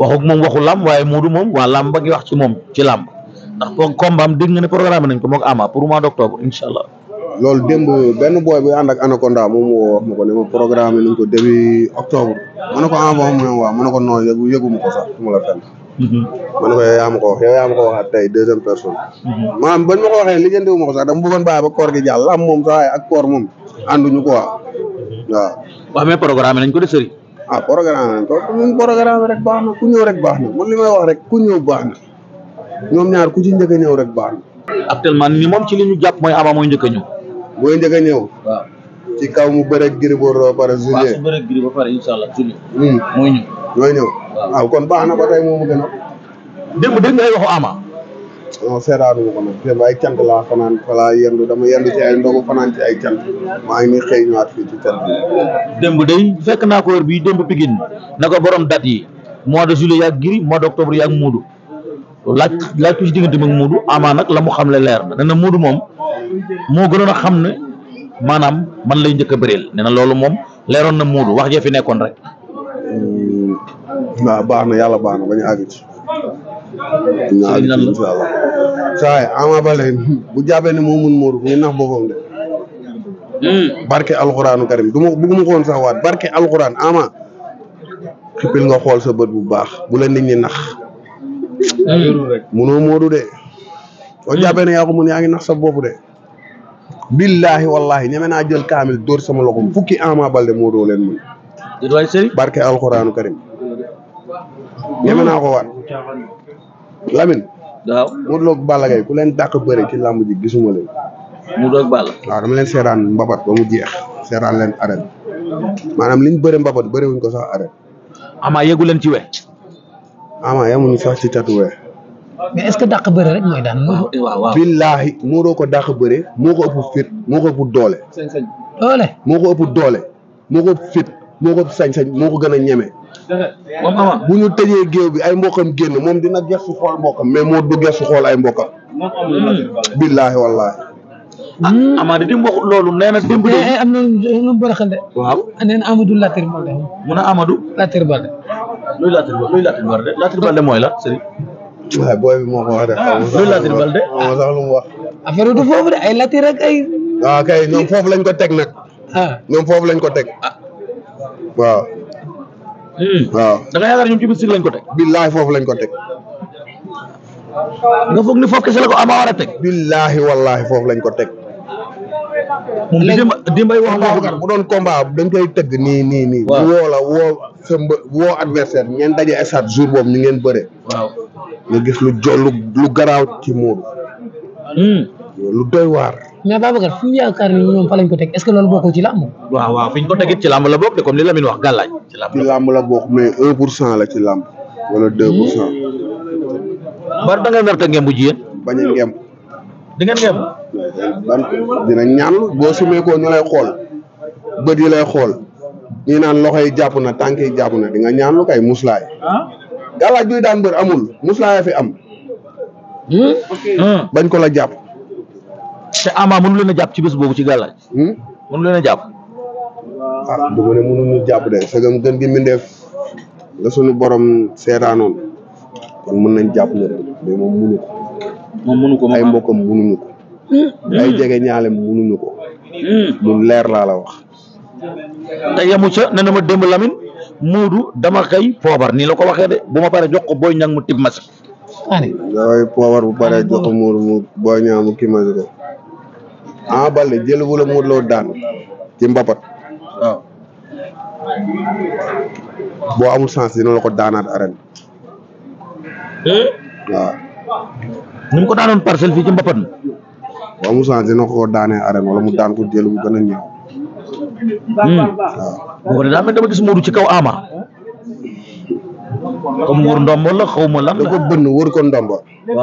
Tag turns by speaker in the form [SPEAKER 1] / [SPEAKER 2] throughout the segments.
[SPEAKER 1] waxuk moom waxu làmb waaye Modou moom waa làmb ba ngi wax ci moom ci làmb ndax pour combat am dégg nga ne programme nañ ko moog Ama pour mois d'octobre incha allah.
[SPEAKER 2] loolu démb benn booy bu ànd ak Anaconda moom moo wax ma ko ne ma programme nañ ko début octobre ma ne ko ah ma ne waaw ma ne ko non yëgu yëgu ma ko sax su ma la fenn. Mhm. ma ne ko yow yaa ma ko wax yow yaa ma ko waxaat tey deuxième personne. Mhm. maanaam bañ ma ko waxee lijjanti wu ma ko sax dama bëggoon bàyyi ba koor gi jàll am moom sax waaye ak koor moom ànduñu quoi
[SPEAKER 1] mhm. waaw. waaw mais programme nañ ko de sëriñ.
[SPEAKER 2] a ah, programme nañ ko ñun rek baax na ku ñëw rek baax na man li may wax rek ku ñëw baax ñoom ñaar ku ci njëkk ñëw rek
[SPEAKER 1] baax na. actuellement ni moom ci li ñu jàpp mooy Ama mooy njëkk a ñëw.
[SPEAKER 2] mooy njëkk a ñëw. ci kaw mu bëreeg Gris Bordeaux ba pare. juillet
[SPEAKER 1] waaw hmm. mooy
[SPEAKER 2] ñëw kon baax na ba tey moomu gën a. démb Ama. non seeraanu ma ko nag démb ay cant laa fanaan falaa ay ndogu ay cant maa ngi
[SPEAKER 1] fekk naa ko heure bii démb Pikine na ko borom date yi mois de juillet yaag giri mois d' octobre yaag muudu laaj laaj ko ci diggante muudu amaa nag la mu xam le leer na nee na muudu moom moo gënoon a xam ne maanaam man lay njëkk a bëreel loolu moom leeroon na muudu wax jee fi nekkoon rek.
[SPEAKER 2] waaw hmm, baax na yàlla baax saay Ama Baldé bu jàppee ne moo mun Modou ngi nax boppam de hmm. barke alxuraanu karim du ma bugguma ko sax waat barke alxuraan ama xippil nga xool sa bët bu baax bu la nit ñi nax
[SPEAKER 1] hmm.
[SPEAKER 2] munoo Modou de boo hmm. jàppee ne yaa ko yaa ngi nax sa bopp de billahi wallahi ñeme naa jël kaamil dóor sama loxoom fukki Ama Baldé Modou mun barke alxuraanu karim ñeme naa ko Lamine. waaw Modou Lo ak ku leen dàq bëri ci làmb ji gisuma leen. Modou Lo ak Balla. dama leen seeraan mbabat ba mu jeex seeraan leen arène maanaam liñ bëre mbabat bëri wuñ ko sax arène. Ama yegu ci we. Ama yemuñu sax ci catu we.
[SPEAKER 1] mais est-ce que dàq bëre rek mooy daan. waaw waaw
[SPEAKER 2] billaahi ko daq bëre moo ko ëpp fit moo ko ëpp doole. doole moo ko ëpp doole moo ko ëpp fit. moo ko sañ-sañ moo ko gën a ñeme. bu ñu tëjee géew bi ay mbokam génn moom dina gestu xool mbokam mais moo du gestu xool ay mbokam.
[SPEAKER 1] Hmm. Ah, hmm. loolu nee na démb de. Eh, eh, am eh, waaw ah, nee na la Serigne. ko wax de.
[SPEAKER 2] Ah,
[SPEAKER 1] luy foofu de ay Latir ak ay.
[SPEAKER 2] waaw kay ñoom foofu lañ ko teg nag. ñoom foofu lañ ko teg. waaw. Hmm. waaw da nga yaakaar ñoom ci mystique lañ ko teg. billahi foofu lañ ko teg. nga foog ni foofu kese la ko ama war a teg. billahi wallahi foofu lañ ko teg. moom dimbay wax nga bu doon combat dañ koy tëgg nii nii nii. waaw woo la woo sa adversaire ngeen daje estat jour boobu ñu ngeen bëre. waaw nga gis lu jo lu garaaw ci Modou. Hmm. lu doy waar.
[SPEAKER 1] mais Babacar fu yaakaar ni ñoom fa lañ ko teg est-ce que loolu bokkul ci làmb. waaw waaw fi ñu ko teg ci làmb la bokk te comme li Lamine wax gàllaaj
[SPEAKER 2] ci làmb la ci làmb la mais 1 pour cent la ci làmb wala 2 pour cent. Mbadou hmm. da nga nar a ngemb ji yéen.
[SPEAKER 1] ngemb. di ngemb. dina ñaan boo sumee ko lay xool
[SPEAKER 2] bët yi lay xool ñii naan loxo yi jàpp na tànk yi jàpp na di nga ñaanlu kay muslaay.
[SPEAKER 1] Ah? gàllaaj buy daan mbër amul muslaay fi am. Hmm? bañ ko la jàpp. te Ama mënu leen a jàpp ci bés boobu ci gàllaaj hmm? mënu leen a jàpp
[SPEAKER 2] ah du ma ne mënuñu jàpp de segam gën gi mindeef la sunu borom seetaanoon kon mën nañ jàpp ne mais moom ko moom mënu ko ay mbokkam mënuñu ko hmm. ay hmm. leer laa la wax
[SPEAKER 1] te yemu ca ne na ma démb Lamine Moodu dama kay poobar nii la ko waxee de bu ma paree jox ko booy ñang mu tib masi
[SPEAKER 2] ani poobar bu paree jox ko booy ñang mu kii masi ko Ama Baldé jël bu la Modou Lo daan ci mbapat boo amul chance dina la ko daanaat arène eh? waaw ni ko daanoon parcelle fii ci mbapat mi boo amul chance dina ko daanee arène wala mu daan ko jël bu gën a ñëw
[SPEAKER 1] hmm. waaw boo ko daa mel dama gis Modou ci kaw Ama comme wër ndombo
[SPEAKER 2] la xaw ma lan la ko bënn wër ko ndombo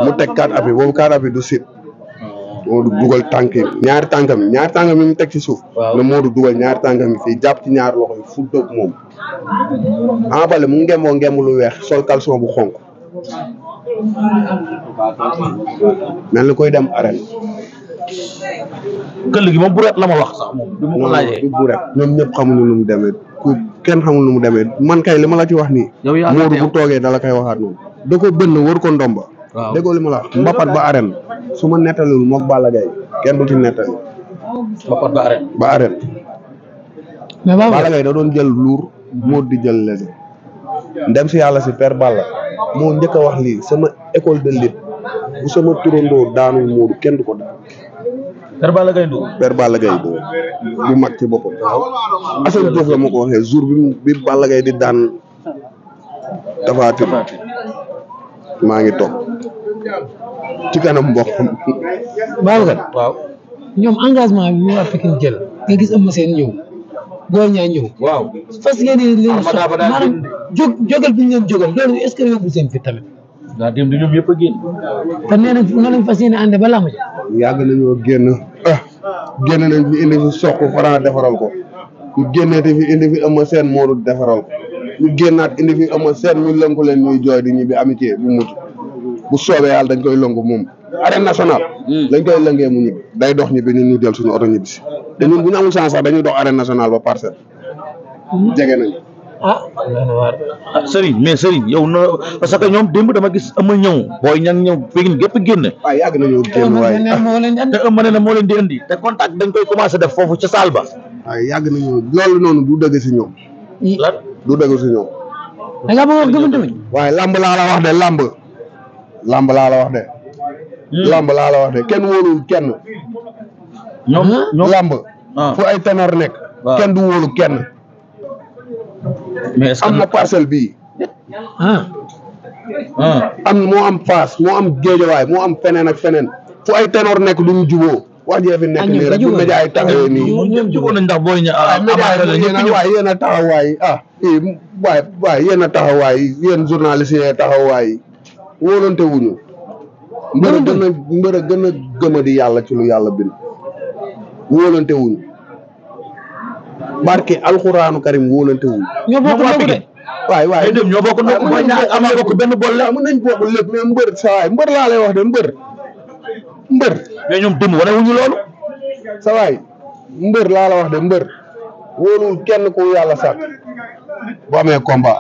[SPEAKER 2] mu teg kaat api boobu kaat api du sit Modou dugal tànk yi ñaari tànkam ñaari tànkam yi mu teg ci suuf. la Modou dugal ñaari tànkam yi fii jàpp ci ñaari loxo yi fu dëgg moom. Ama Baldé mu ngemboo ngemb lu weex sol caleçon bu xonk. mel ni koy dem arène. këll gi moom buret la ma wax
[SPEAKER 1] sax moom. bi
[SPEAKER 2] ñoom ñëpp xamul nu mu demee ku kenn xamul nu mu demee man kay li ma la ci wax nii. yow Modou bu toogee dala kay waxaat noonu. da ko bënn wër ko ndomba. déggoo li ma la mbapat ba arène su ma nettalul moog Balla kenn du ci nettali. mbapat ba arène Balla Gaye da doon jël luur moo di jël léegi. ndem si yàlla si père Balla moo njëkk a wax lii sama école de lutte sama turandoo daanul Modou kenn du ko def. Père Balla Gaye Ndour. Père
[SPEAKER 1] mag ci boppam. waaw Assane Diouf la ma ko
[SPEAKER 2] waxee jour bi bi Balla Gaye di daan dafa maa ngi toog ci kanam mboq. Babacar
[SPEAKER 1] waaw ñoom engagement bi ñu waa Pikine jël nga gis am seen ñëw góor ñaa ñëw. waaw fas yéene leen sox maanaam jóg jógal bi ñu leen jógal loolu est-ce que yóbbu seen fit tamit. daa yëpp a génn. kon nee nañ
[SPEAKER 2] yàgg nañoo génn ah, génn nañ fi indi fi soq Franc defaral ko ku génn te fi indi fi am seen Modou defaral ñu génnaat indi fi Eumeu Sène ñu lënku leen ñuy jooy di ñibbi amitié bu mujj bu soobee yàlla dañ koy lëngu moom. arène national hmm. dañ koy lëngee mu ñibbi. day dox ñibbi ñun ñu del suñu oto ñibbi si. bu ñu amul dañuy dox
[SPEAKER 1] arène nationale ba parcelle. Hmm. jege nañu. ah. ah Serigne mais Serigne yow na parce que ñoom démb dama gis Eumeu ñëw booy ñang ñëw fii gépp génn. waaw yàgg nañoo génn waaye te Eumeu nee na moo leen di indi te contact dañ koy commencé def foofu ca saal ba.
[SPEAKER 2] waaye yàgg nañoo loolu noonu bu dëgg si ñoom. du dëgg si ñoom. da laa la wax de làmb làmb laa la wax de. lamb hmm. la wax de kenn wóolul kenn. ñoom hmm? ñoom lamb. Ah. fu ay ténor nekk. kenn du wóolu kenn. mais am na parcelle bii. Ah. Ah. am moo am faas moo am géejawaay moo am feneen ak feneen fu ay ténor nekk mu juboo wax jee fi nekk nii rek bu média yi taxawee nii. ñoom
[SPEAKER 1] jubóo nañ ndax booy ña ah, ah, waaye yéen a taxawaay
[SPEAKER 2] ah waay eh, waay yéen a taxawaay yéen journaliste yee taxawaay wóolante wuñu mbër a gën a mbër a gën a gëma yàlla ci lu yàlla bind wóolante wuñu barke alxuraanu karim wóolante wuñu ñoo bokk ndóobu de waay waay mbër laa lay wax de mbër mbër mais ñoom démb wane wuñu loolu sa waay mbër laa la wax de mbër wóoluwul kenn ku yàlla sàkk boo amee combat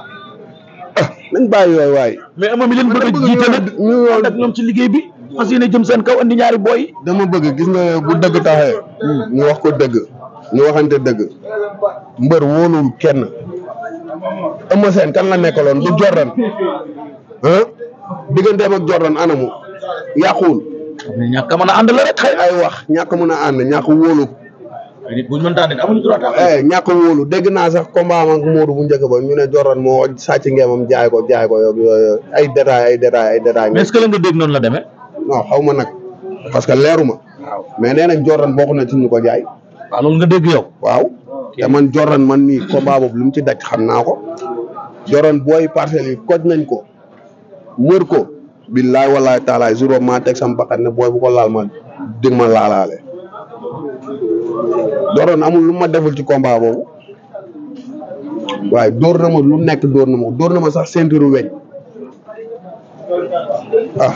[SPEAKER 2] nañ bàyyi yooyu waay mais ama mi leen bëgg a jiite nag ñu ak ñoom ci liggéey bi parce que jëm seen kaw andi ñaari booy dama bëgg gis nga bu dëgg ñu wax ko dëgg ñu waxante dëgg mbër wóoluwul kenn Eumeu seen kan la nekkaloon du Jordan ah digganteem ak Jordan anamu yàquwul ñàkk a a ànd la rek ay wax ñàkk mën a ànd ñàkk wóolu nit bu ñu mën eh, dégg naa sax combat am ak bu njëkk ba ñu ne Jordan moo sàcc ngeemam jaay ko jaay ko yooyu ay détails ay détails ay détails mais est
[SPEAKER 1] la nga dégg noonu la demee
[SPEAKER 2] xaw ma nag parce que leeru ma waaw mais nee nañ Jordan bokk na ci ñu ko jaay dégg yow waaw te man Jordan man mii combat boobu lu mu ci daj xam naa ko Jordan booy parcelles yi koj nañ ko mër ko billaay walaay taalaay jour boobu maa teg sama bakkan ne booy bu ko laal ma dégg ma laalaale. dooroon amul lu ma deful ci combat boobu waaye dóor na ma lu nekk dóor na ma ko na ma sax ceinture
[SPEAKER 1] weñ ah.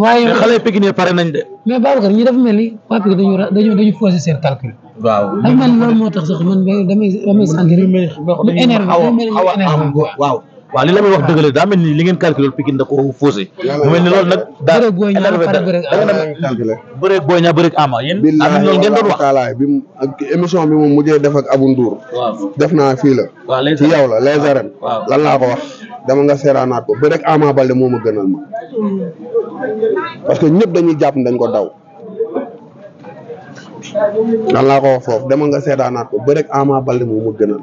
[SPEAKER 1] waaye mais xale Pikine yi pare nañ de. mais Babacar ñi dafa mel ni waa Pikine dañu dañu dañu faussé seen calcul. waaw dafa mel ni loolu moo waaw. waaw li la wax dëgg la daa mel ni li ngeen calculé Pikine da ko faussé mu mel ni loolu nag daa bëreeg Boy Niang bëreeg Ama yéen am loolu ngeen doon wax
[SPEAKER 2] bi mu émission bi moom mujjee def ak Abou def naa fii la
[SPEAKER 1] ci yow la les arènes lan laa ko wax
[SPEAKER 2] dama nga seeraanaat ko bëreeg Ama Baldé moo ma gënal ma parce que ñëpp dañuy jàpp dañ ko daw lan laa ko wax foofu dama nga seeraanaat ko bëreeg
[SPEAKER 1] Ama Baldé moo ma gënal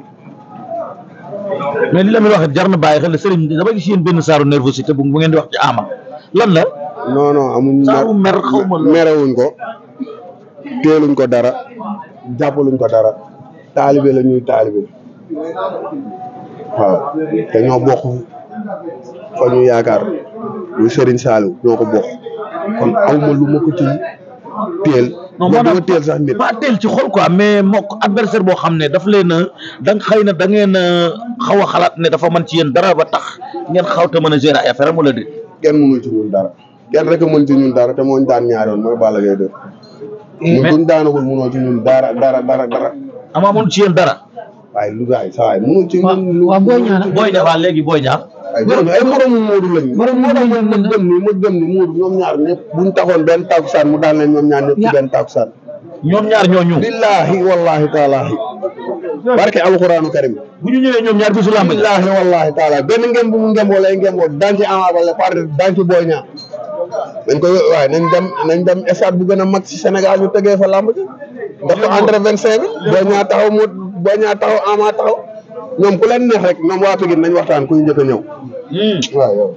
[SPEAKER 1] mais li la muy wax jar na bàyyi xel sëriñ dama gis yéen benn saaru nervosité bu ngeen di wax ci ama lan la. non non amuñ. mer
[SPEAKER 2] merewuñ ko teeluñ ko dara jàppaluñ ko dara taalibe la ñuy taalibe
[SPEAKER 1] waaw te ñoo
[SPEAKER 2] fa ñu yaakaar ñu Serigne Saliou ñoo ko bokk
[SPEAKER 1] kon awma lu ma ko ci teel. non maanaam teel sax mbir pas teel ci xol quoi mais mook adversaire boo xam ne dafa leen a xëy na da ngeen xaw a xalaat ne dafa mën ci yéen dara ba tax ngeen xaw ta mën a gérer ay affaire am wala déet. kenn
[SPEAKER 2] ci ñun dara kenn rek a mën ci ñun dara te moo ñu daan ñaari yoon mooy Balla Gaye def. mais buñ daanagul mënoo ci ñun dara dara dara dara. amaa mënu ci yéen dara. waaye Louga yi saa yi mënoo ci. waaw booy ñaar booy defaat
[SPEAKER 1] léegi booy ñaar. ay moromu Modou lañu. moromu
[SPEAKER 2] Modou ma gëm ni ma gëm ni Modou ñoom ñaar ñëpp bu ñu taxoon benn takusaan mu daan leen ñoom ñaar ñëpp ci benn takusaan. ñoom ñaar ñoo ñu. billaahi wallaahi taalaahi. barke alxuraanu karim. bu ñu ñëwee ñoom ñaar bisu làmb. billaahi wallaahi taalaahi benn ngem bu mu ngemboo lay ngemboo daan ci Ama Baldé par daan ci Boy Niang. dañ koy waaye nañ dem nañ dem stade bu gën a mag ci Sénégal ñu tegee fa làmb ji. ndax entre vingt cinq bi. Boy Niang taxaw mu
[SPEAKER 1] boña taxaw ama taxaw ñoom ku leen neex rek ñoom waa Pikine nañ waxtaan ku ñu njëkk a ñëw hmm. waaw yow